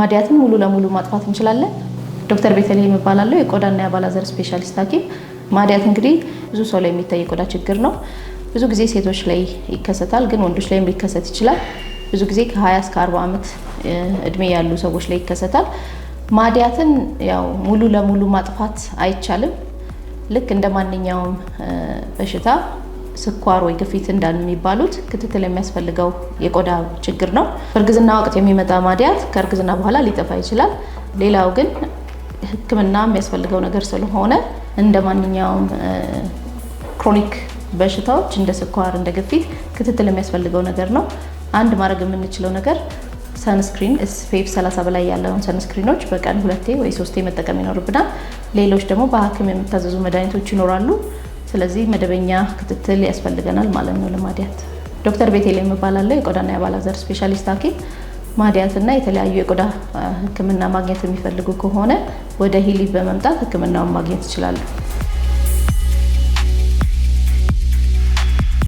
ማዲያትን ሙሉ ለሙሉ ማጥፋት እንችላለን። ዶክተር ቤተልሔም እባላለሁ የቆዳና የአባላዘር ስፔሻሊስት ሐኪም። ማዲያት እንግዲህ ብዙ ሰው ላይ የሚታይ የቆዳ ችግር ነው። ብዙ ጊዜ ሴቶች ላይ ይከሰታል፣ ግን ወንዶች ላይም ሊከሰት ይችላል። ብዙ ጊዜ ከ20 እስከ 40 ዓመት እድሜ ያሉ ሰዎች ላይ ይከሰታል። ማዲያትን ያው ሙሉ ለሙሉ ማጥፋት አይቻልም። ልክ እንደ ማንኛውም በሽታ ስኳር ወይ ግፊት እንዳል የሚባሉት ክትትል የሚያስፈልገው የቆዳ ችግር ነው። በእርግዝና ወቅት የሚመጣ ማዲያት ከእርግዝና በኋላ ሊጠፋ ይችላል። ሌላው ግን ሕክምና የሚያስፈልገው ነገር ስለሆነ እንደ ማንኛውም ክሮኒክ በሽታዎች እንደ ስኳር፣ እንደ ግፊት ክትትል የሚያስፈልገው ነገር ነው። አንድ ማድረግ የምንችለው ነገር ሰንስክሪን ኤስፒኤፍ 30 በላይ ያለውን ሰንስክሪኖች በቀን ሁለቴ ወይ ሶስቴ መጠቀም ይኖርብናል። ሌሎች ደግሞ በሐኪም የሚታዘዙ መድኃኒቶች ይኖራሉ። ስለዚህ መደበኛ ክትትል ያስፈልገናል ማለት ነው ለማዲያት። ዶክተር ቤቴሌም እባላለሁ የቆዳና ዘር ስፔሻሊስት ሐኪም እና የተለያዩ የቆዳ ሕክምና ማግኘት የሚፈልጉ ከሆነ ወደ ሂሊ በመምጣት ሕክምናውን ማግኘት ይችላሉ።